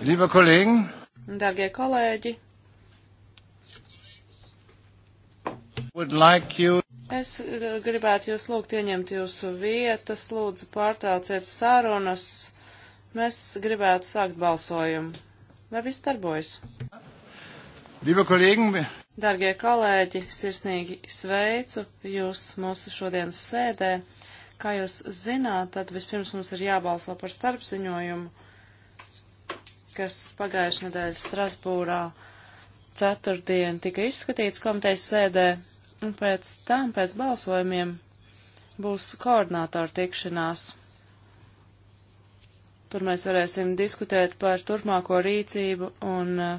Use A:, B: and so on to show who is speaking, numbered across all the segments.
A: Liebe Kollegen! Darbie kolēģi! Like you... Es eh, gribētu jūs lūgt ieņemt jūsu vietas, lūdzu pārtrauciet sarunas. Mēs gribētu sākt balsojumu. Vai viss darbojas? Liebe Kollegen! Darbie kolēģi, sirsnīgi sveicu jūs mūsu šodienas sēdē. Kā jūs zināt, tad vispirms mums ir jābalso par starpziņojumu, kas pagājušajā nedēļā Strasbūrā ceturtdien tika izskatīts komitejas sēdē, un pēc tam, pēc balsojumiem, būs koordinātoru tikšanās. Tur mēs varēsim diskutēt par turpmāko rīcību un uh,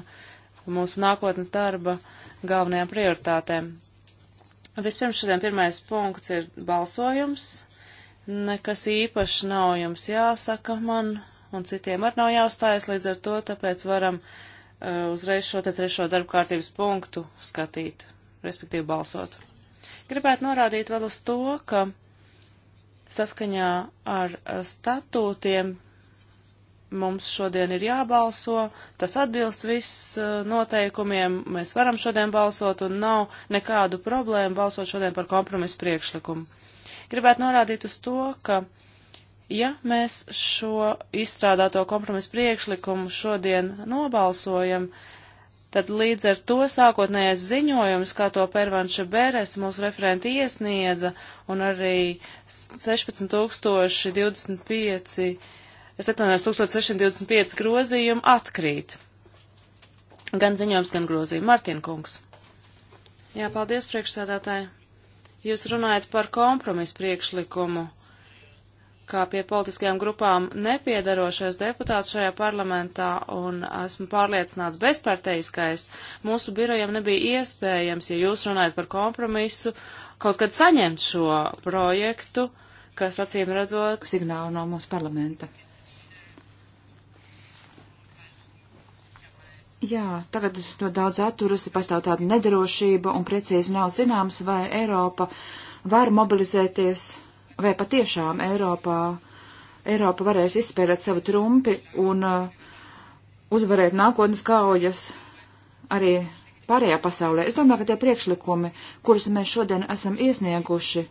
A: mūsu nākotnes darba galvenajām prioritātēm. Vispirms šodien pirmais punkts ir balsojums nekas īpašs nav jums jāsaka man, un citiem ar nav jāuzstājas līdz ar to, tāpēc varam uh, uzreiz šo te trešo darba kārtības punktu skatīt, respektīvi balsot. Gribētu norādīt vēl uz to, ka saskaņā ar eh, statūtiem mums šodien ir jābalso, tas atbilst viss eh, noteikumiem, mēs varam šodien balsot un nav nekādu problēmu balsot šodien par kompromisu priekšlikumu. Gribētu norādīt uz to, ka ja mēs šo izstrādāto kompromisu priekšlikumu šodien nobalsojam, tad līdz ar to sākotnējais ziņojums, kā to Pervanša Beres mūsu referenti iesniedza, un arī 16025, 17625 grozījumi atkrīt. Gan ziņojums, gan grozījumi. Martin Kungs. Jā, paldies priekšsēdētāji. Jūs runājat par kompromisu priekšlikumu, kā pie politiskajām grupām nepiedarošais deputāts šajā parlamentā, un esmu pārliecināts bezparteiskais, mūsu birojam nebija iespējams, ja jūs runājat par kompromisu, kaut kad saņemt šo projektu, kas acīm redzot signālu no mūsu parlamenta. Jā,
B: tagad no daudz atturas ir pastāv tāda nedarošība un precīzi nav zināms, vai Eiropa var mobilizēties, vai patiešām Eiropā, Eiropa varēs izspērēt savu trumpi un uh, uzvarēt nākotnes kaujas arī pārējā pasaulē. Es domāju, ka tie priekšlikumi, kurus mēs šodien esam iesnieguši,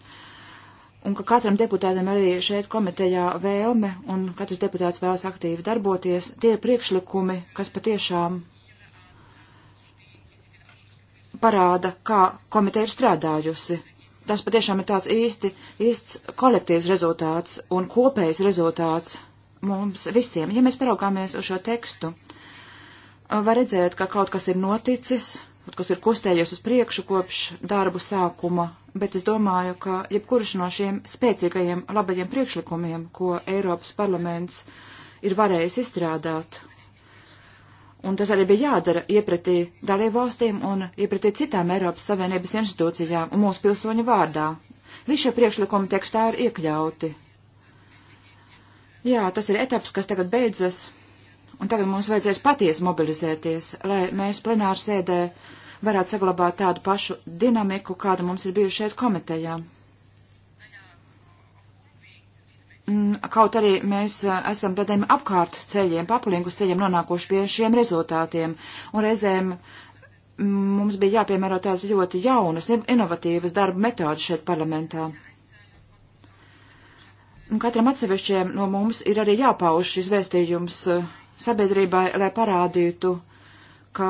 B: un ka katram deputātam arī šeit komitejā vēlme, un katrs deputāts vēlas aktīvi darboties, tie ir priekšlikumi, kas patiešām parāda, kā komiteja ir strādājusi. Tas patiešām ir tāds īsti, īsts kolektīvs rezultāts un kopējs rezultāts mums visiem. Ja mēs paraugāmies uz šo tekstu, var redzēt, ka kaut kas ir noticis, kaut kas ir kustējies uz priekšu kopš darbu sākuma, bet es domāju, ka jebkurš no šiem spēcīgajiem labajiem priekšlikumiem, ko Eiropas parlaments ir varējis izstrādāt Un tas arī bija jādara iepratī dalībvalstīm un iepratī citām Eiropas Savienības institūcijām un mūsu pilsoņu vārdā. Visi šie priekšlikumi tekstā ir iekļauti. Jā, tas ir etaps, kas tagad beidzas, un tagad mums vajadzēs patiesi mobilizēties, lai mēs plenāru sēdē varētu saglabāt tādu pašu dinamiku, kāda mums ir bijusi šeit komitejām. Mm, kaut arī mēs eh, esam tādiem apkārt ceļiem, paplinkus ceļiem nonākuši pie šiem rezultātiem, un reizēm mm, mums bija jāpiemēro tādas ļoti jaunas, inovatīvas darba metodas šeit parlamentā. Un katram atsevišķiem no mums ir arī jāpauž šis vēstījums eh, sabiedrībai, lai parādītu, ka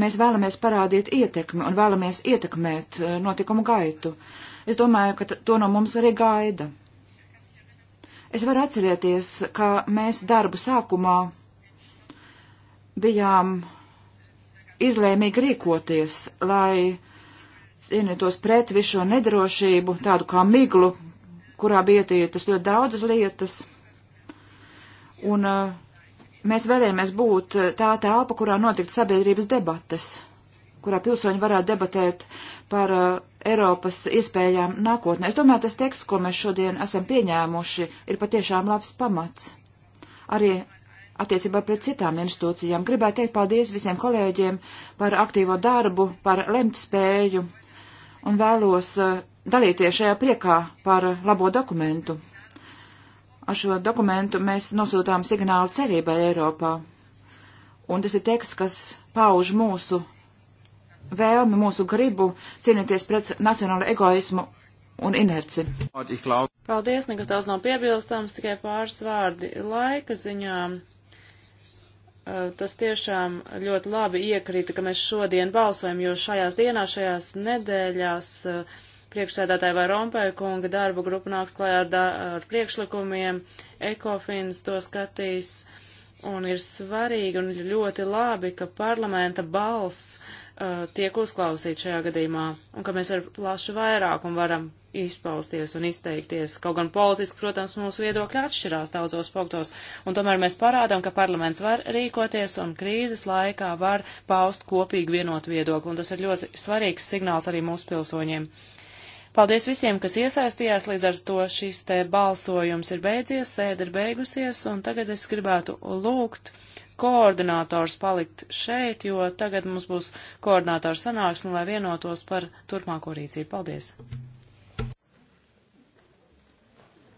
B: mēs vēlamies parādīt ietekmi un vēlamies ietekmēt eh, notikumu gaitu. Es domāju, ka to no mums arī gaida. Es varu atcerēties, ka mēs darbu sākumā bijām izlēmīgi rīkoties, lai cīnītos pret visu šo nedrošību, tādu kā miglu, kurā bija ietītas ļoti daudzas lietas. Un uh, mēs varējāmies būt uh, tā telpa, kurā notikt sabiedrības debates, kurā pilsoņi varētu debatēt par uh, Eiropas iespējām nākotnē. Es domāju, tas teksts, ko mēs šodien esam pieņēmuši, ir patiešām labs pamats. Arī attiecībā pret citām institūcijām gribētu teikt paldies visiem kolēģiem par aktīvo darbu, par lemtspēju un vēlos eh, dalīties šajā priekā par labo dokumentu. Ar šo dokumentu mēs nosūtām signālu cerībai Eiropā. Un tas ir teksts, kas pauž mūsu vēlmi, mūsu gribu cīnīties pret nacionālu egoismu
A: un inerci. Paldies, nekas daudz nav piebilstams, tikai pāris vārdi laika ziņā. Eh, tas tiešām ļoti labi iekrita, ka mēs šodien balsojam, jo šajās dienās, šajās nedēļās eh, priekšsēdētāja vai Rompēja kunga darba grupa nāks klājā ar, ar priekšlikumiem, ekofins to skatīs, un ir svarīgi un ļoti labi, ka parlamenta balss Uh, tiek uzklausīti šajā gadījumā, un ka mēs ar plašu vairākumu varam izpausties un izteikties. Kaut gan politiski, protams, mūsu viedokļi atšķirās daudzos punktos, un tomēr mēs parādām, ka parlaments var rīkoties un krīzes laikā var paust kopīgi vienot viedokli, un tas ir ļoti svarīgs signāls arī mūsu pilsoņiem. Uh, Paldies visiem, kas iesaistījās, līdz ar to šis te balsojums ir beidzies, sēde ir beigusies, un tagad es gribētu lūgt koordinators palikt šeit, jo tagad mums būs koordinators sanāksme, lai vienotos par turpmāko rīcību. Paldies!